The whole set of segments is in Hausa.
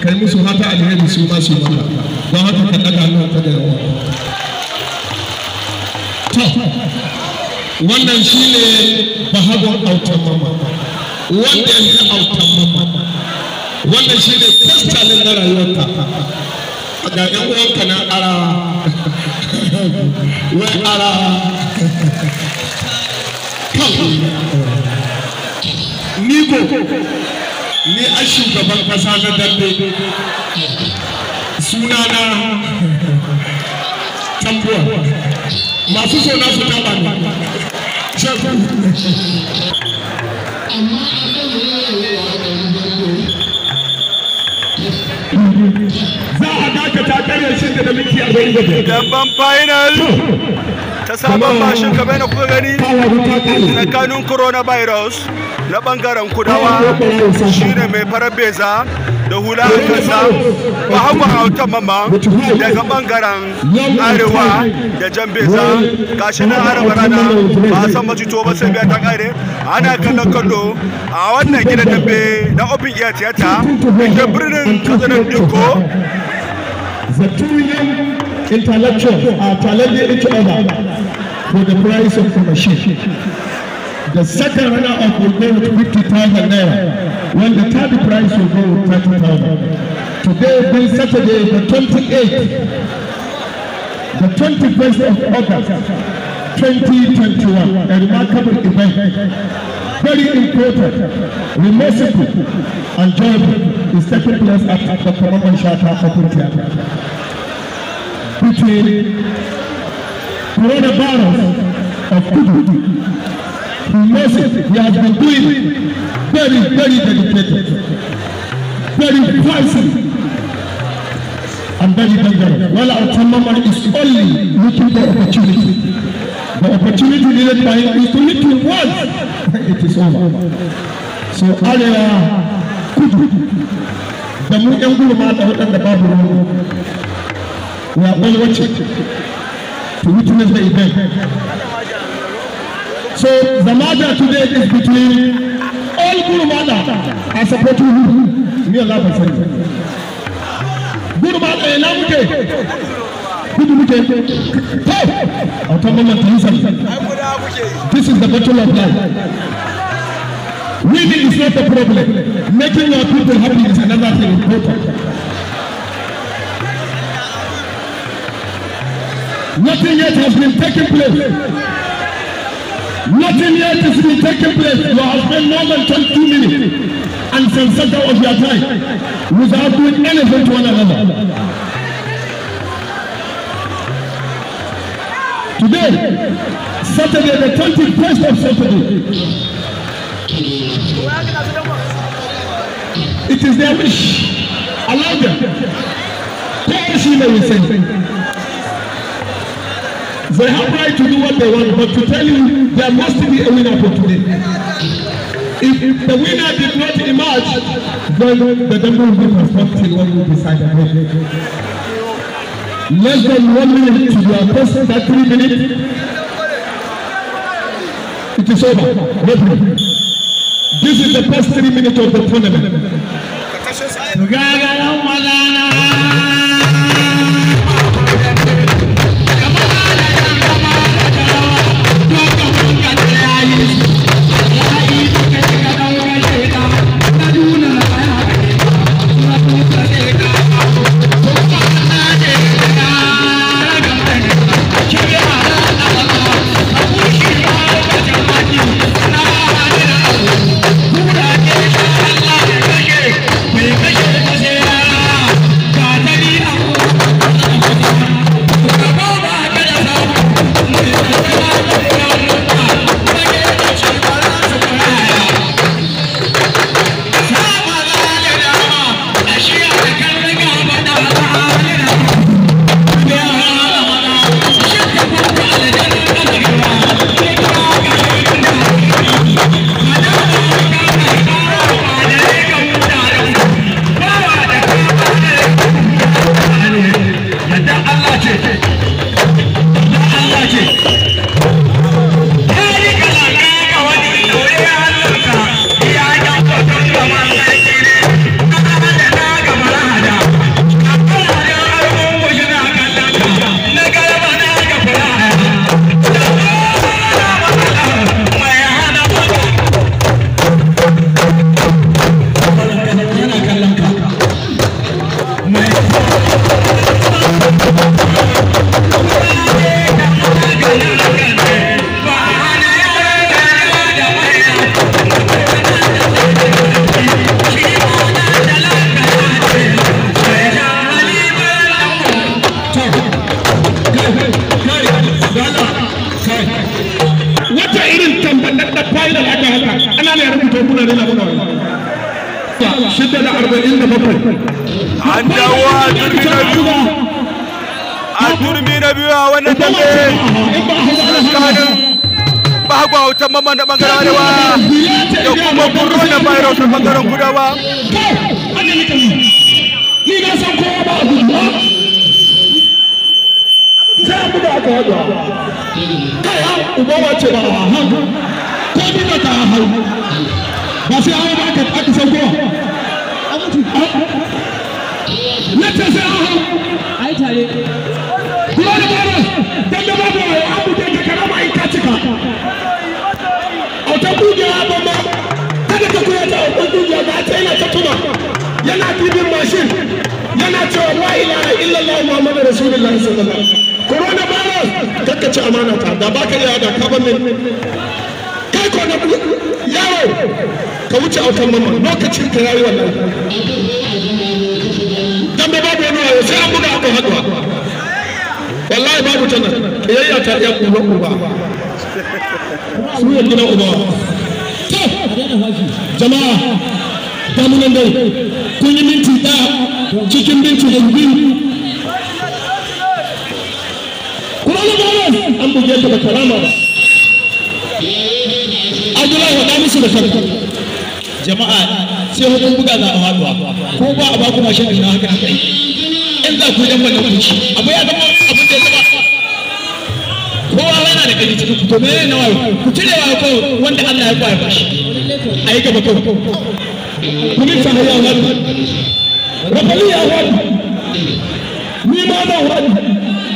kai musu hata alheri su ba su maka don haka ka daga nan ka da yawa to wannan shine bahagon autan mama wanda yanzu autan mama wannan shine kastalin na rayuwarka ga yan uwanka ara wai ara ni a shugaban kasa na dambe suna na tambuwa masu so na su taba ne shakku za a dakata kare shi da miki a gari da damban final ta sabon bashin kamar na kuka gani na kanun coronavirus na bangaren kudawa shine mai farar beza da hula a kansa mahaifin hautan mamma daga bangaren arewa da jan beza gashi na arewa rana ba san macito ba sai biya ta kare ana kallon kallo a wannan gidan dambe na open air theater da birnin katsinan diko The two intellectuals are challenging each other for the price of the machine. The second runner-up will go with 50,000 naira, while the third prize will go with 30,000. Today being Saturday, the 28th, the 21st of August, 2021, a remarkable event. Very important, remorseful, and joyful is taking place at the Colombian Shata Open Theater. Between coronavirus of Kudu Moses, he has been doing very, very dedicated, very pricey, and very dangerous. Well, our is only looking for opportunity. The opportunity needed by him is to meet him once. It is over. So, Aliyah, da mu ɗan gurma da waɗanda babu we are all watching to witness the event So the matter today is between all Guru Mada and supporting who? Me and Allah Basari. Guru Mada ina muke? Kudu muke? Hey! Auta mama listen. This is the battle of life. Winning is not the problem. Making your people happy is another thing important. Nothing yet has been taking place. Nothing yet has been taking place. You have spent more than 22 minutes and some second of your time without doing anything to one another. Today, Saturday, the 21st of Saturday, it is their wish. Allow them. Perish in the They have right to do what they want, but to tell you, there must be a winner for today. If, if the winner did not emerge, then the government will not constructed when we decide it Less than one minute to your first three minutes. It is over. This is the first three minutes of the tournament. wata irin tambaɗar da final aka haka ana ne rubuta kuna ne labuna wani shida da arba'in da bakwai an dawo a turmi na biyu a turmi na biyu a wannan tambaye tsakanin bagwa hoton mamman da bangaren arewa da kuma kuro da ta bangaren gudawa uba wace ba a hannu ko duka ta hau ba sai an ba ka aka sauko na ce sai an ai tare kuma da ba da da ba da abu da ka ka cika auta kugiya ba ma kada ka kuya ta auta kugiya ba ta yana ta tuma yana dubin mashin yana cewa la ilaha illallah muhammadu sallallahu alaihi wasallam corona kakka ci amana ta da ba ka da ka ban min kai ko na yawo ka wuce autan mama lokacin ka yayi wallahi dan ba babu wani yawo sai an buga aka haduwa wallahi babu tana kiyayya ta iya kuma uba su ya gina uba to jama'a damunan dai kun yi minti ɗaya cikin minti biyu an buge ta da karama ba da farko jama'a sai hukun buga za a haɗuwa ko ba a baku mashin ina haka haka yi in za ku yi ɗan wannan kuci abu ya zama abin da ya zama kowa yana da kai cikin ku to me ne na wayo ku tire wa ko wanda Allah ya kwaya ba shi ayi gaba ko ku min sa hayya wa rabbi ya wadi ni ma ba wadi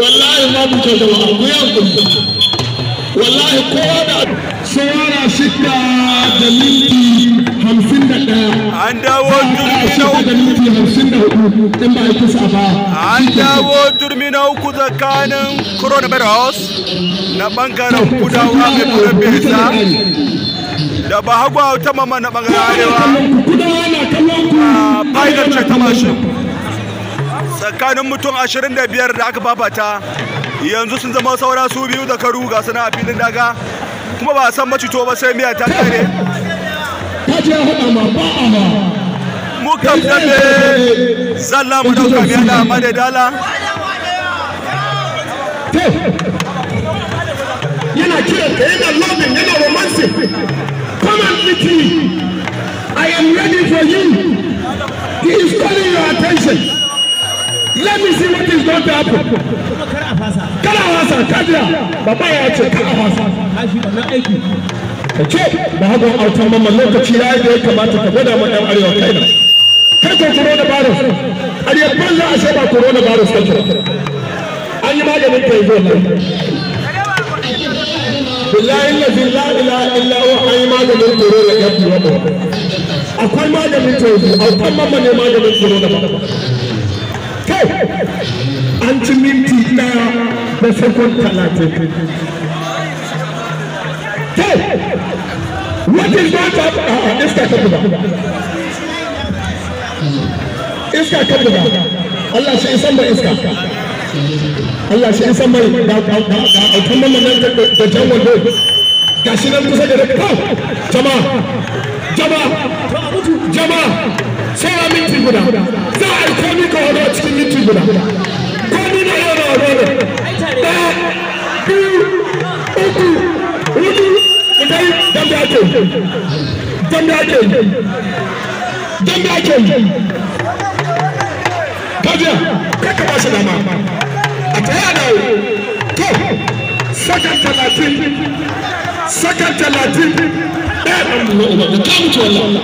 wallahi ma mu mu da da minti hamsin da ɗaya an dawo na uku da hamsin da hudu a kusa an dawo jirgin na tsakanin coronavirus na ɓangaren kudawa beza da ba a na arewa ah, a tsakanin mutum 25 da aka babata yanzu sun zama saura su biyu da karu ga suna a filin daga kuma ba a san macito ba sai miya ta kare muka dabe zalla mu dauka miya da madadala yana kiran ka yana loving yana romansi come and meet me i am ready for you let me see what is going to happen wasa kajiya baba ya ce kada wasa ka ce ba hagon autan mamma lokaci ya da ya kamata ka gwada ma ɗan arewa kaina kar ka corona virus arewa banza a ba corona virus ka an yi maganin ta zo billahi la ilaha illa huwa an yi maganin corona ya fi akwai maganin ta yi mamma ne maganin corona ba an ci minti ɗaya da sakon talatin What is that? Iska Allah shi isan da iska. Allah shi isan mai da da da jama jama sai a minti guda za a yi cikin minti guda komi na yau na wado uku dambe dambe dambe kaka shi a saka talatin ɗaya ɗan buwa umar da ta mutu wallah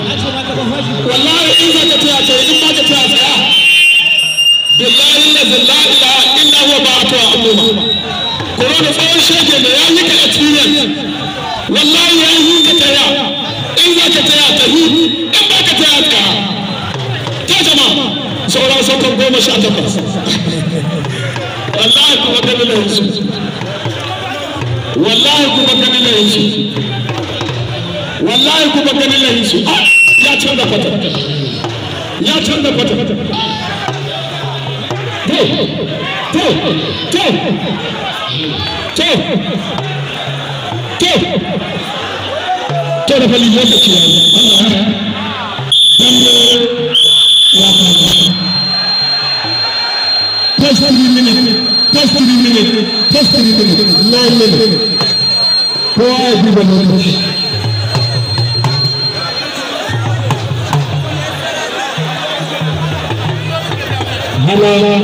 wallahi in za ka taya tsaye in ba ka taya tsaya billahi la ilaha illa huwa ba a tawa al'umma kuma tsawon shege da ya yi ka experience wallahi ya yi ka taya in za ka taya tsaye in ba ka taya tsaya ta jama'a sauran saukan goma sha takwas wallahi kuma dalilin su wallahi kuma ganin lahin su wallahi kuma ganin lahin su ya canza fata ya canza fata to to to to to to da fali lokaci ya yi Allah ya 9 minutes kowa ya duba lokaci Hello.